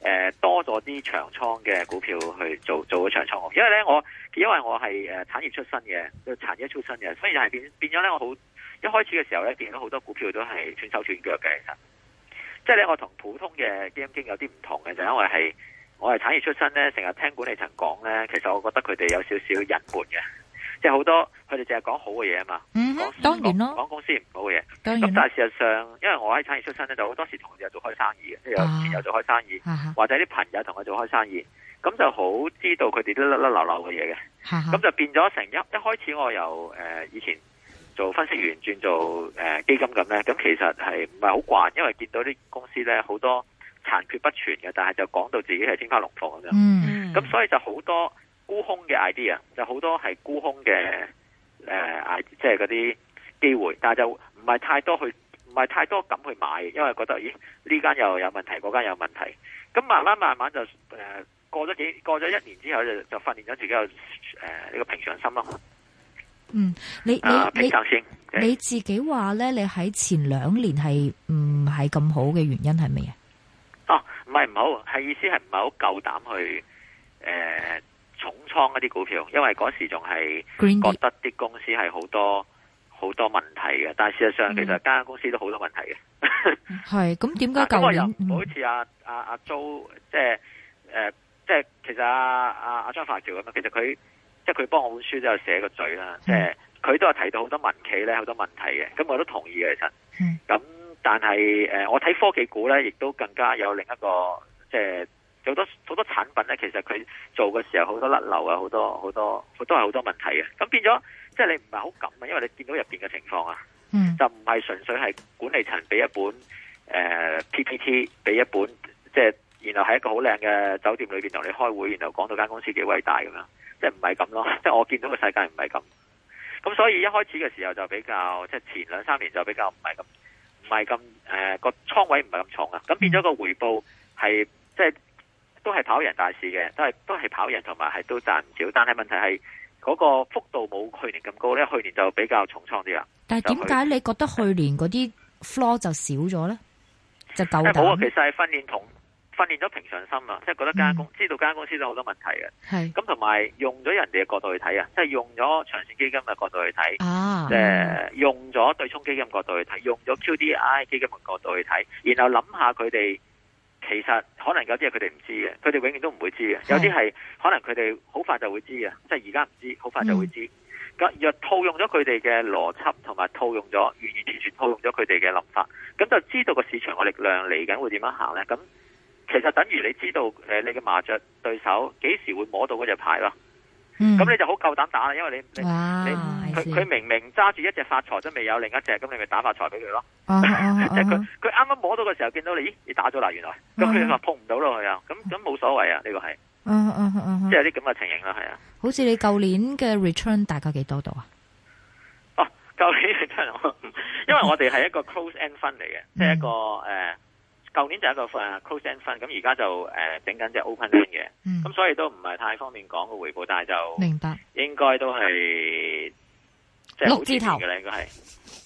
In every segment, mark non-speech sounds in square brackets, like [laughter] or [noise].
誒，多咗啲長倉嘅股票去做做咗長倉，因為咧，我，因為我係誒產業出身嘅，都產業出身嘅，所以就係變變咗咧，我好一開始嘅時候咧，變咗好多股票都係斷手斷腳嘅，其實，即係咧，我同普通嘅基金經理有啲唔同嘅，就是、因為係我係產業出身咧，成日聽管理層講咧，其實我覺得佢哋有少少隱瞞嘅。即係好多，佢哋淨係講好嘅嘢啊嘛，講舒服，講說公司唔好嘅嘢。咁但係事實上，因為我喺產業出身咧，就好多時同事又做開生意嘅，又又做開生意，或者啲朋友同我做開生意，咁、啊、就好知道佢哋啲甩甩漏漏嘅嘢嘅。咁、啊、就變咗成一一開始我由誒、呃、以前做分析員轉做誒、呃、基金咁咧，咁其實係唔係好慣，因為見到啲公司咧好多殘缺不全嘅，但係就講到自己係天花龍鳳咁樣。咁、嗯、所以就好多。沽空嘅 idea 就好多係沽空嘅誒，即係嗰啲機會，但係就唔係太多去，唔係太多咁去買，因為覺得咦呢間又有問題，嗰間又有問題，咁慢慢慢慢就誒、呃、過咗幾過咗一年之後就就訓練咗自己有誒呢、呃這個平常心咯。嗯，你你、呃、你你自己話咧，你喺前兩年係唔係咁好嘅原因係咪？啊？哦，唔係唔好，係意思係唔係好夠膽去誒。呃重倉一啲股票，因為嗰時仲係覺得啲公司係好多好 Green 多問題嘅，但係事實上其實間間公司都好多問題嘅。係咁點解去年唔好似阿阿阿周即係誒、呃、即係其實阿阿阿張化橋咁啊？其實佢、啊啊、即係佢幫我本書都有寫個嘴啦，即係佢都有提到好多民企咧好多問題嘅，咁我都同意嘅。其實咁的但係誒、呃、我睇科技股咧，亦都更加有另一個即係。好多好多產品咧，其實佢做嘅時候好多甩漏啊，好多好多，都係好多問題嘅。咁變咗，即、就、係、是、你唔係好敢啊，因為你見到入面嘅情況啊，mm. 就唔係純粹係管理層俾一本誒、呃、PPT，俾一本即係、就是，然後喺一個好靚嘅酒店裏面同你開會，然後講到間公司幾偉大咁、就是、樣、啊，即係唔係咁咯？即係我見到個世界唔係咁。咁所以一開始嘅時候就比較，即、就、係、是、前兩三年就比較唔係咁，唔係咁誒個倉位唔係咁重啊。咁變咗個回報即係。就是都係跑贏大市嘅，都係都係跑贏，同埋係都賺唔少。但係問題係嗰、嗰個幅度冇去年咁高咧，去年就比較重倉啲啦。但係點解你覺得去年嗰啲是 flow 就少咗咧？就夠等。冇啊，其實係訓練同訓練咗平常心啊，即係覺得間公、嗯、知道間公司有好多問題嘅。係是。咁同埋用咗人哋嘅角度去睇啊，即係用咗長線基金嘅角度去睇。啊。即、呃嗯、用咗對沖基金角度去睇，用咗 QDII 基金嘅角度去睇，然後諗下佢哋。其實可能有啲嘢佢哋唔知嘅，佢哋永遠都唔會知嘅。有啲係可能佢哋好快就會知嘅，即係而家唔知，好快就會知。咁、mm. 若套用咗佢哋嘅邏輯，同埋套用咗完完全全套用咗佢哋嘅諗法，咁就知道個市場個力量嚟緊會點樣行呢？咁其實等於你知道你嘅麻雀對手幾時會摸到嗰隻牌咯。咁你就好夠膽打，因為你你你佢佢明明揸住一隻發財，都未有另一隻，咁你咪打發財俾佢咯。即係佢佢啱啱摸到嘅時候，見到你，咦，你打咗啦，原來咁佢話撲唔到落去啊，咁咁冇所謂啊，呢個係，即係有啲咁嘅情形啦，係啊。好似你舊年嘅 return 大概幾多度啊？哦，舊年 return，因為我哋係一個 close end fund 嚟嘅，即係一個誒。舊年就有一個誒 close end fund，咁而家就誒整緊隻 open end 嘅，咁所以都唔係太方便講個回報，但係就，明白，應該都係六字頭嘅咧，應該係。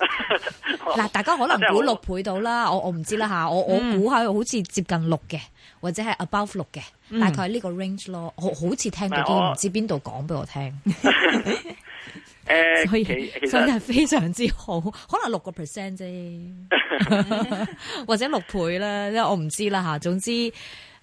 嗱， [laughs] 大家可能估六倍到啦，啊、我不道、嗯、我唔知啦嚇，我我估下好似接近六嘅，或者係 above 六嘅，嗯、大概呢個 range 咯，好好似聽到啲唔我知邊度講俾我聽。 [laughs] 呃、所以，其,其實所真係非常之好，可能六個 percent 啫， [laughs] 或者六倍啦，因為我唔知啦吓。總之，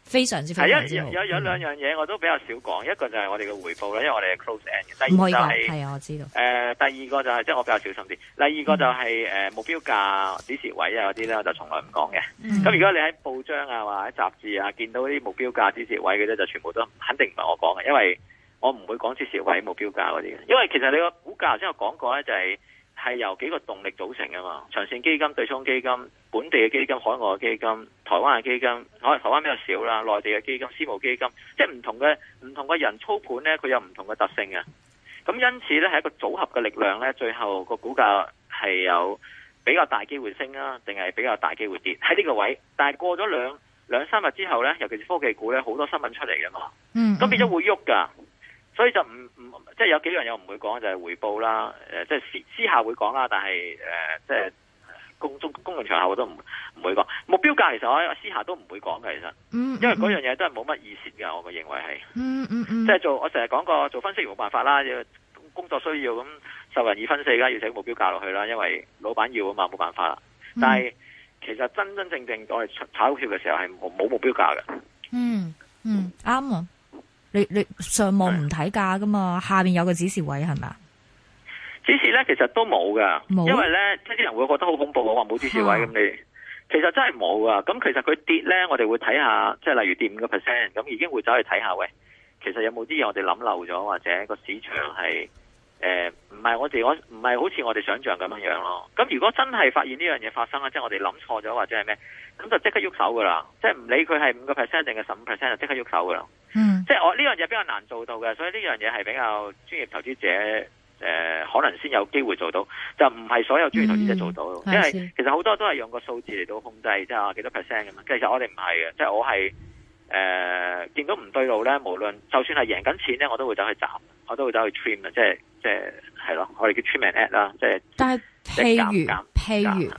非常之、嗯、非常之好，有有兩樣嘢我都比較少講，嗯、一個就係我哋嘅回報啦，因為我哋係 close end 嘅、就係。唔可以講，係啊，我知道。誒、呃，第二個就係即係我比較小心啲。第二個就係誒目標價、支持位啊嗰啲咧，我就從來唔講嘅。咁、嗯、如果你喺報章啊或者喺雜誌啊見到啲目標價、支持位嘅咧，就全部都肯定唔係我講嘅，因為。我唔會講支持位、目標價嗰啲，因為其實你個股價頭先我講過呢就係、是、係由幾個動力組成啊嘛。長線基金、對沖基金、本地嘅基金、海外嘅基金、台灣嘅基金，可能台灣比較少啦。內地嘅基金、私募基金，即係唔同嘅唔同嘅人操盤呢，佢有唔同嘅特性啊。咁因此呢，係一個組合嘅力量呢，最後個股價係有比較大機會升啦，定係比較大機會跌喺呢個位。但係過咗兩兩三日之後呢，尤其是科技股呢，好多新聞出嚟嘅嘛，咁變咗會喐噶所以就唔唔即係有幾樣嘢我唔會講，就係、是、回報啦。誒、呃，即係私私下會講啦，但係誒、呃，即係公眾公共場合我都唔唔會講目標價。其實我私下都唔會講嘅，其實，因為嗰樣嘢都係冇乜意思嘅。我咪認為係，嗯嗯嗯、即係做我成日講過，做分析冇辦法啦，工作需要咁受人二分四，而家要寫目標價落去啦，因為老闆要啊嘛，冇辦法啦。嗯、但係其實真真正正我哋炒股票嘅時候係冇冇目標價嘅、嗯。嗯嗯，啱啊。你你上網唔睇價噶嘛？的下面有個指示位係咪？指示咧，其實都冇噶，有因為咧，即係啲人會覺得好恐怖啊！話冇指示位咁的你，其實真係冇噶。咁其實佢跌咧，我哋會睇下，即係例如跌五個 percent，咁已經會走去睇下喂，其實有冇啲嘢，我哋諗漏咗，或者個市場係誒唔係我哋唔係好似我哋想象咁樣樣咯。咁如果真係發現呢樣嘢發生啊，即係我哋諗錯咗或者係咩，咁就即刻喐手噶啦，即係唔理佢係五個 percent 定係十五 percent 就即刻喐手噶啦。嗯即係我呢樣嘢比較難做到嘅，所以呢樣嘢係比較專業投資者誒、呃，可能先有機會做到，就唔係所有專業投資者做到。因為、嗯、其實好多都係用個數字嚟到控制，即係幾多 percent 咁其實我哋唔係嘅，即係我係誒、呃、見到唔對路咧，無論就算係贏緊錢咧，我都會走去斬，我都會走去 trim 即係即係係咯，我哋叫 trim and at 啦，即係。但係譬如譬如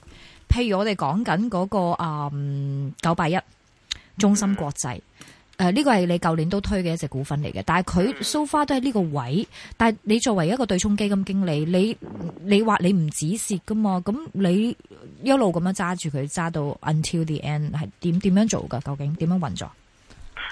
譬如我哋講緊嗰個啊九八一中心國際。嗯誒，呢個係你舊年都推嘅一隻股份嚟嘅，但係佢 so far 都係呢個位，但係你作為一個對沖基金經理，你你話你唔止蝕噶嘛？咁你一路咁樣揸住佢，揸到 until the end 係點點樣做噶？究竟點樣運作？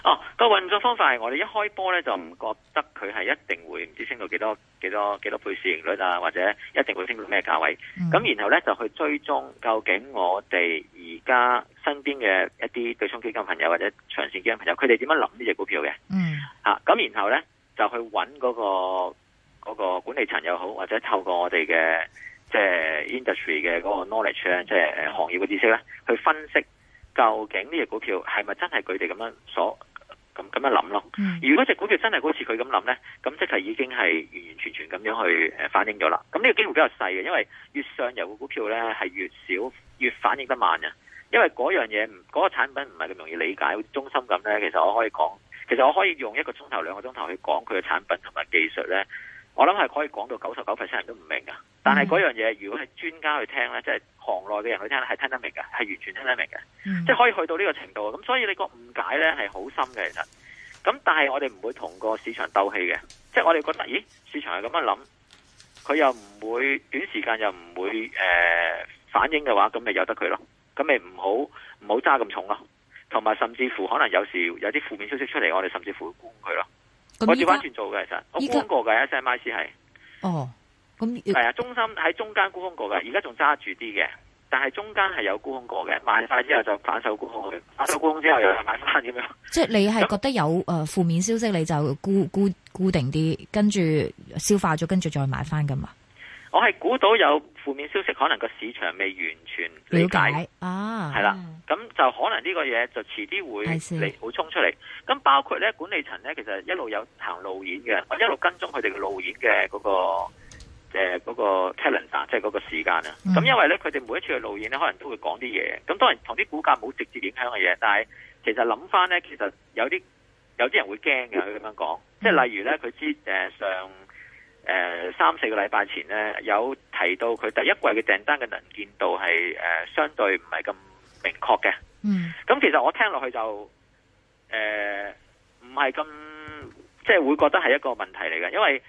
哦，個運作方法係我哋一開波咧，就唔覺得佢係一定會唔知升到幾多幾多幾多倍市盈率啊，或者一定會升到咩價位。咁、嗯、然後咧就去追蹤，究竟我哋而家身邊嘅一啲對沖基金朋友或者長線基金朋友，佢哋點樣諗呢隻股票嘅？嗯，咁、啊、然後咧就去揾嗰個嗰個管理層又好，或者透過我哋嘅即係、就是、industry 嘅嗰個 knowledge 即係、嗯、行業嘅知識咧，去分析。究竟呢隻股票係咪真係佢哋咁樣所咁咁樣諗咯？Mm hmm. 如果隻股票真係好似佢咁諗呢，咁即係已經係完完全全咁樣去反映咗啦。咁呢個機會比較細嘅，因為越上游嘅股票呢係越少，越反應得慢。因為嗰樣嘢，唔嗰個產品唔係咁容易理解。中心咁呢，其實我可以講，其實我可以用一個鐘頭、兩個鐘頭去講佢嘅產品同埋技術呢。我諗係可以講到九十九 percent 人都唔明噶，但係嗰樣嘢如果係專家去聽呢，即係行內嘅人去聽呢，係聽得明噶，係完全聽得明噶，mm hmm. 即係可以去到呢個程度，咁所以你個誤解呢係好深嘅，其實。咁但係我哋唔會同個市場鬥氣嘅，即係我哋覺得，咦，市場係咁樣諗，佢又唔會短時間又唔會誒、呃、反應嘅話，咁咪由得佢咯，咁咪唔好唔好揸咁重咯，同埋甚至乎可能有時有啲負面消息出嚟，我哋甚至乎會觀佢咯。我調翻轉做嘅其實，我沽空過嘅，SMIC 係。哦，咁係啊，中心喺中間沽空過嘅，而家仲揸住啲嘅，但係中間係有沽空過嘅，賣晒之後就反手沽空嘅，反手沽空之後又買翻咁樣。 [laughs] [laughs] 即係你係覺得有誒負面消息，你就沽沽，沽固定啲，跟住消化咗，跟住再買翻咁嘛。我係估到有負面消息，可能個市場未完全瞭解，了解啊，係啦的，咁、嗯、就可能呢個嘢就遲啲會嚟補充出嚟。咁的包括咧，管理層咧，其實一路有行路演嘅，我一路跟蹤佢哋嘅路演嘅嗰、那個誒嗰、呃那個 calendar 啊，即係嗰個時間啊咁、嗯、因為咧，佢哋每一次嘅路演咧，可能都會講啲嘢。咁當然同啲股價冇直接影響嘅嘢，但係其實諗翻咧，其實有啲有啲人會驚嘅。佢咁樣講，即係例如咧，佢知誒上。誒、呃、三四個禮拜前咧，有提到佢第一季嘅訂單嘅能見度係誒、呃、相對唔係咁明確嘅。Mm. 嗯，咁其實我聽落去就誒唔係咁，即、呃、係、就是、會覺得係一個問題嚟嘅。因為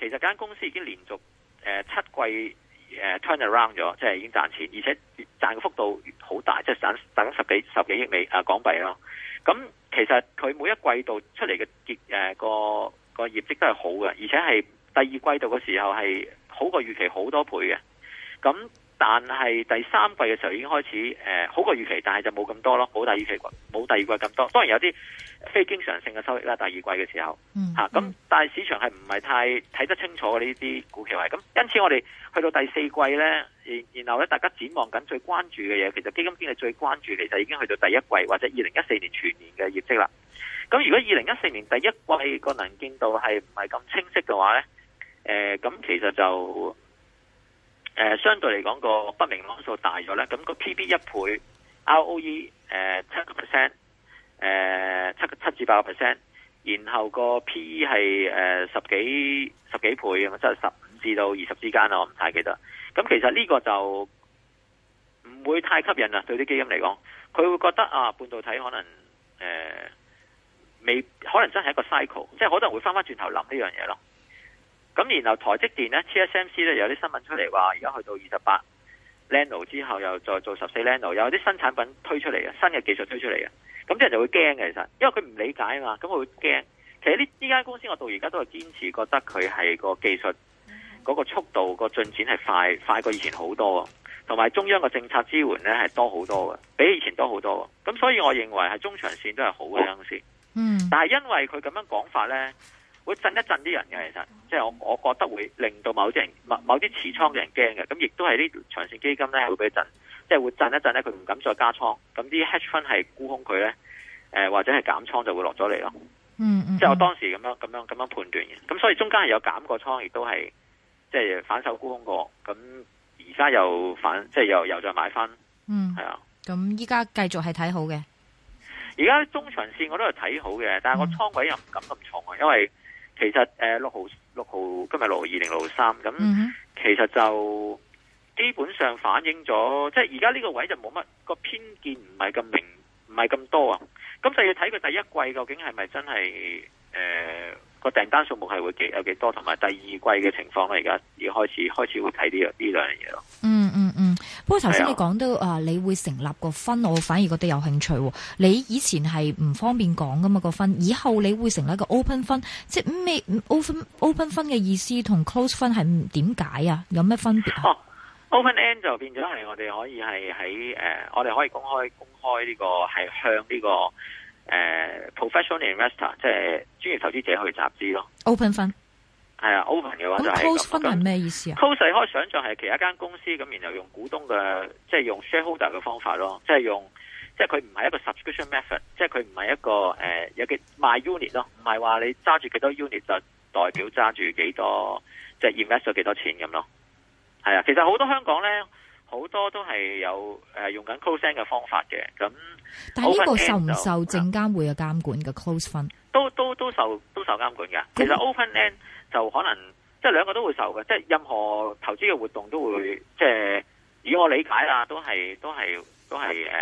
其實間公司已經連續誒、呃、七季誒 turnaround 咗，即、呃、係、就是、已經賺錢，而且賺嘅幅度好大，即、就、係、是、賺賺緊十幾十幾億美啊港幣咯。咁、嗯、其實佢每一季度出嚟嘅結誒、呃、個個業績都係好嘅，而且係。第二季度嘅時候係好過預期好多倍嘅，咁但係第三季嘅時候已經開始，誒、呃、好過預期，但係就冇咁多咯，冇第二季冇第二季咁多。當然有啲非經常性嘅收益啦，第二季嘅時候，吓咁、嗯嗯啊，但係市場係唔係太睇得清楚呢啲股期位，咁因此我哋去到第四季呢，然後呢大家展望緊最關注嘅嘢，其實基金經理最關注其實已經去到第一季或者二零一四年全年嘅業績啦。咁如果二零一四年第一季個能見度係唔係咁清晰嘅話呢？誒，咁、呃、其實就誒、呃，相對嚟講個不明朗數大咗咧，咁、那個 PB 一倍，ROE 誒七個 percent，誒七七至八 percent，然後個 PE 係誒十幾十幾倍，咁即係十五至到二十之間啦，我唔太記得。咁其實呢個就唔會太吸引啦對啲基金嚟講，佢會覺得啊，半導體可能誒、呃、未可能真係一個 cycle，即係可能會翻翻轉頭諗呢樣嘢咯。咁然後台積電咧，TSMC 咧有啲新聞出嚟話，而家去到二十八 nano 之後，又再做十四 nano，有啲新產品推出嚟嘅，新嘅技術推出嚟嘅，咁啲人就會驚嘅，其實，因為佢唔理解啊嘛，咁佢會驚。其實呢呢間公司我到而家都係堅持覺得佢係個技術嗰個速度個進展係快快過以前好多，同埋中央嘅政策支援咧係多好多嘅，比以前多好多。咁所以我認為係中長線都係好嘅公司。嗯。但係因為佢咁樣講法咧。會震一震啲人嘅，其實即係我我覺得會令到某啲人、某某啲持倉嘅人驚嘅。咁亦都係啲長線基金咧會俾震，即、就、係、是、會震一震咧，佢唔敢再加倉。咁啲 hedge fund 係沽空佢咧，誒、呃、或者係減倉就會落咗嚟咯。嗯，嗯，嗯，即係我當時咁樣咁樣咁樣判斷嘅。咁所以中間係有減過倉，亦都係即係反手沽空過。咁而家又反，即、就、係、是、又又再買翻。係、嗯、啊。咁依家繼續係睇好嘅。而家中長線我都係睇好嘅，但係我倉位又唔敢咁重啊，因為。其實誒六號六號今日六號二零六號三咁，其實就基本上反映咗，即係而家呢個位就冇乜個偏見，唔係咁明，唔係咁多啊。咁就要睇佢第一季究竟係咪真係誒個訂單數目係會幾有幾多，同埋第二季嘅情況咧，而家而開始開始會睇呢樣呢兩樣嘢咯。嗯。不過頭先你講到啊，啊，你會成立個分，我反而覺得有興趣。你以前係唔方便講噶嘛個分，以後你會成立個 open 分，即係咩、嗯嗯、open open 分嘅意思同 close 分係點解啊？有咩分別？哦、open end 就變咗係我哋可以係喺、呃、我哋可以公開公開呢、這個係向呢、這個誒、呃、professional investor，即係專業投資者去集資咯。Open 分。係啊，open 嘅話就係 close 分係咩意思啊？close 可以想象係其他間公司咁，然後用股東嘅，即係用 shareholder 嘅方法咯，即係用即係佢唔係一個 subscription method，即係佢唔係一個誒有幾賣 unit 咯，唔係話你揸住幾多 unit 就代表揸住幾多，即係 invest 咗幾多錢咁咯。係啊，其實好多香港咧，好多都係有誒用緊 close 嘅方法嘅咁。Open 但係呢個受唔受證監會嘅監管嘅 close 分？都都都受都受監管嘅其實 open end 就可能即係兩個都會受嘅，即係任何投資嘅活動都會，即係以我理解啦，都係都係都係誒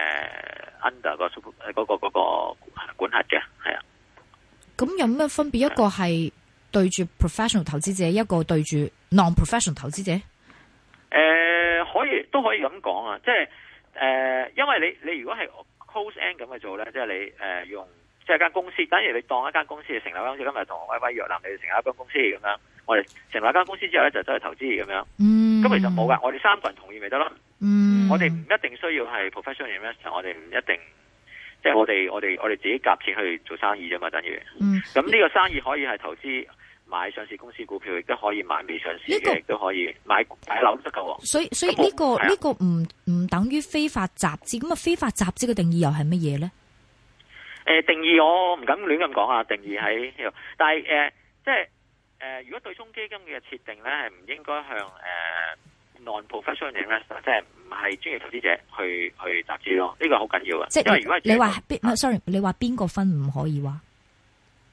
under 個嗰個嗰個管轄嘅，係啊。咁有咩分別？的一個係對住 professional 投資者，一個對住 non-professional 投資者。誒、呃，可以都可以咁講啊，即係誒、呃，因為你你如果係 close end 咁樣做咧，即係你誒、呃、用。即係一間公司，等於你當一間公司嘅成立公司，今日同威威約，你你成立一間公司咁樣，我哋成立一間公司之後咧，就真去投資咁樣。嗯，咁其實冇噶，我哋三個人同意咪得咯。嗯，我哋唔一定需要係 professional investor，我哋唔一定，即係我哋我哋我哋自己夾錢去做生意啫嘛，等於。嗯。咁呢個生意可以係投資買上市公司股票，亦都可以買未上市嘅，都、這個、可以買買樓都得噶。所以所以呢個呢我個唔唔、啊、等於非法集資。咁啊非法集資嘅定義又係乜嘢咧？誒、呃，定義我唔敢亂咁講啊！定義喺呢度，但係誒、呃，即係誒、呃，如果對沖基金嘅設定咧，係、呃、唔應該向誒 non-professional investor，即係唔係專業投資者去去集資咯，呢個好緊要嘅。即係因為如果你話邊，sorry，你話邊個分唔可以話？誒、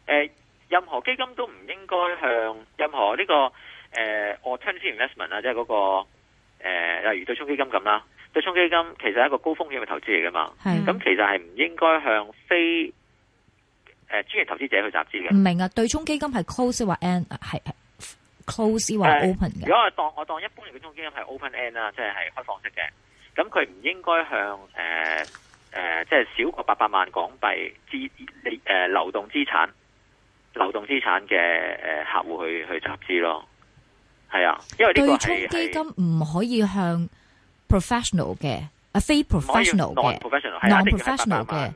呃，任何基金都唔應該向任何呢、這個誒、呃、alternative investment 啊、那個，即係嗰個誒，例如對沖基金咁啦。對沖基金其實係一個高風險嘅投資嚟噶嘛，咁、啊、其實係唔應該向非誒專業投資者去集資嘅。唔明啊，對沖基金係 close 或 end 係 close 或 open 嘅、呃。如果我當我當一般嘅對沖基金係 open end 啦，即係係開放式嘅，咁佢唔應該向誒誒、呃呃、即係少過八百萬港幣資誒、呃、流動資產、流動資產嘅誒客戶去去集資咯。係啊，因為呢個係對沖基金唔可以向。professional 嘅，啊，非 professional 嘅 non-professional 嘅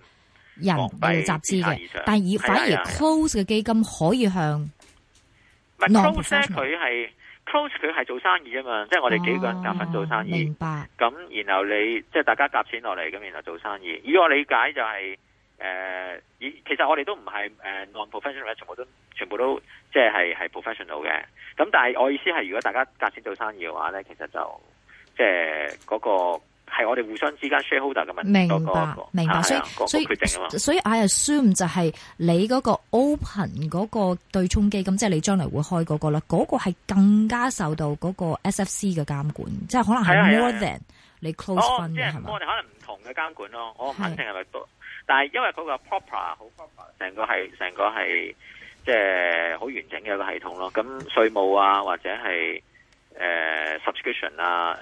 人嚟集資嘅，但而反而 close 嘅基金可以向，咪 close 佢係 close 佢係做生意啊嘛，即係我哋幾個人夾份做生意。啊，明白。咁然後你即係大家夾錢落嚟，咁然後做生意。以我理解就係誒，以其實我哋都唔係誒 non-professional，全部都全部都即係係 professional 嘅。咁但係我意思係，如果大家夾錢做生意嘅話咧，其實就。即係嗰、那個係我哋互相之間 shareholder 嘅問題，明白，那個、明白，啊、所以所以決定啊嘛。所以 I assume 就係你嗰個 open 嗰個對沖基金，咁即係你將來會開嗰、那個啦。嗰、那個係更加受到嗰個 SFC 嘅監管，即、就、係、是、可能係 more than 你 close one 係嘛？哦，即係我哋可能唔同嘅監管咯。我肯定係咪？但係因為嗰個 proper 好 proper，成個係成個係即係好完整嘅一個系統咯。咁稅務啊，或者係。誒，subscription 啊，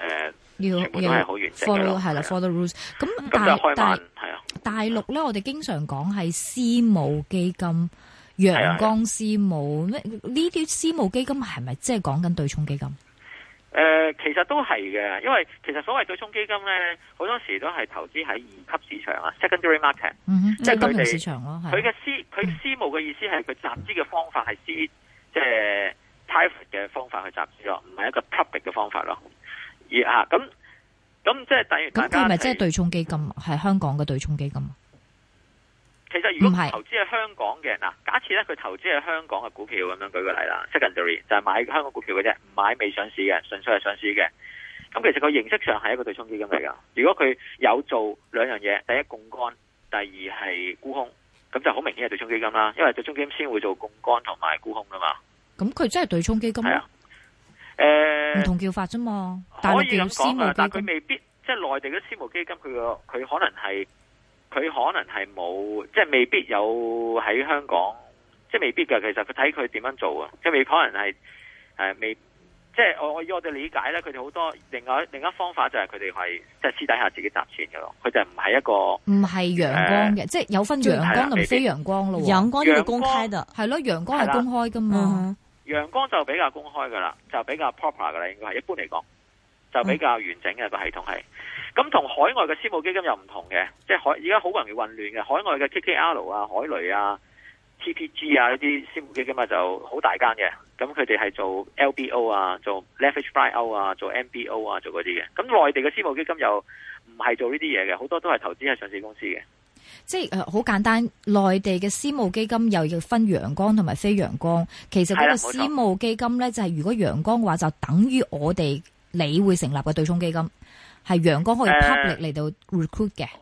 誒，全部都係好原則噶，係啦，follow the rules。咁但係大，係啊，大陸咧，我哋經常講係私募基金，陽光私募咩？呢啲私募基金係咪即係講緊對沖基金？誒，其實都係嘅，因為其實所謂對沖基金咧，好多時都係投資喺二級市場啊，secondary market，即係金融市場咯。佢嘅私，佢私募嘅意思係佢集資嘅方法係私，即係。private 嘅方法去集資咯，唔係一個 public 嘅方法咯。而嚇咁咁即係，例如大家咁佢咪即係對沖基，基金，係香港嘅對沖基金。其實如果投資喺香港嘅嗱，是假設咧佢投資喺香港嘅股票咁樣舉個例啦，secondary 就係買香港股票嘅啫，唔買未上市嘅，純粹係上市嘅。咁其實個形式上係一個對沖基金嚟噶。如果佢有做兩樣嘢，第一槓桿，第二係沽空，咁就好明顯係對沖基金啦。因為對沖基金先會做槓桿同埋沽空噶嘛。咁佢真係對沖基金誒，唔、啊呃、同叫法啫嘛。可以咁講啊。佢未必，未必即係內地嘅私募基金，佢個佢可能係佢可能係冇，即係未必有喺香港，即係未必噶。其實佢睇佢點樣做啊，即係未可能係誒、啊、未，即係我我以我哋理解咧，佢哋好多另外另外一方法就係佢哋係即係私底下自己集錢㗎咯。佢就唔係一個唔係陽光嘅，呃、即係有分陽光同非陽光咯。陽光呢個公開噶，係咯，陽光係公開噶嘛。陽光就比較公開噶啦，就比較 proper 噶啦，應該係一般嚟講就比較完整嘅個系統係。咁同海外嘅私募基金又唔同嘅，即係海而家好容易混亂嘅。海外嘅 KKR 啊、凱雷啊、TPG 啊呢啲私募基金啊就好大間嘅，咁佢哋係做 LBO 啊、做 leverage buyout 啊、做 MBO 啊、做嗰啲嘅。咁內地嘅私募基金又唔係做呢啲嘢嘅，好多都係投資喺上市公司嘅。即係誒，好、呃、簡單，內地嘅私募基金又要分陽光同埋非陽光。其實嗰個私募基金咧，就係如果陽光嘅話，就等於我哋你會成立嘅對沖基金，係陽光可以 public 嚟到 recruit 嘅、呃。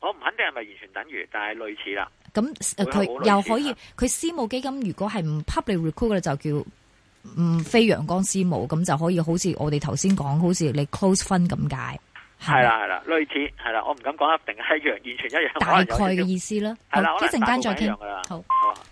我唔肯定係咪完全等於，但係類似啦。咁佢那又可以，佢、嗯、私募基金如果係唔 public recruit 嘅，就叫唔非陽光私募，咁就可以好似我哋頭先講，好似你 close 分咁解。係啦，係啦，類似係啦，我唔敢講一定係一樣，完全一樣，大概嘅意思啦。係啦，一陣間再傾啦。好，好。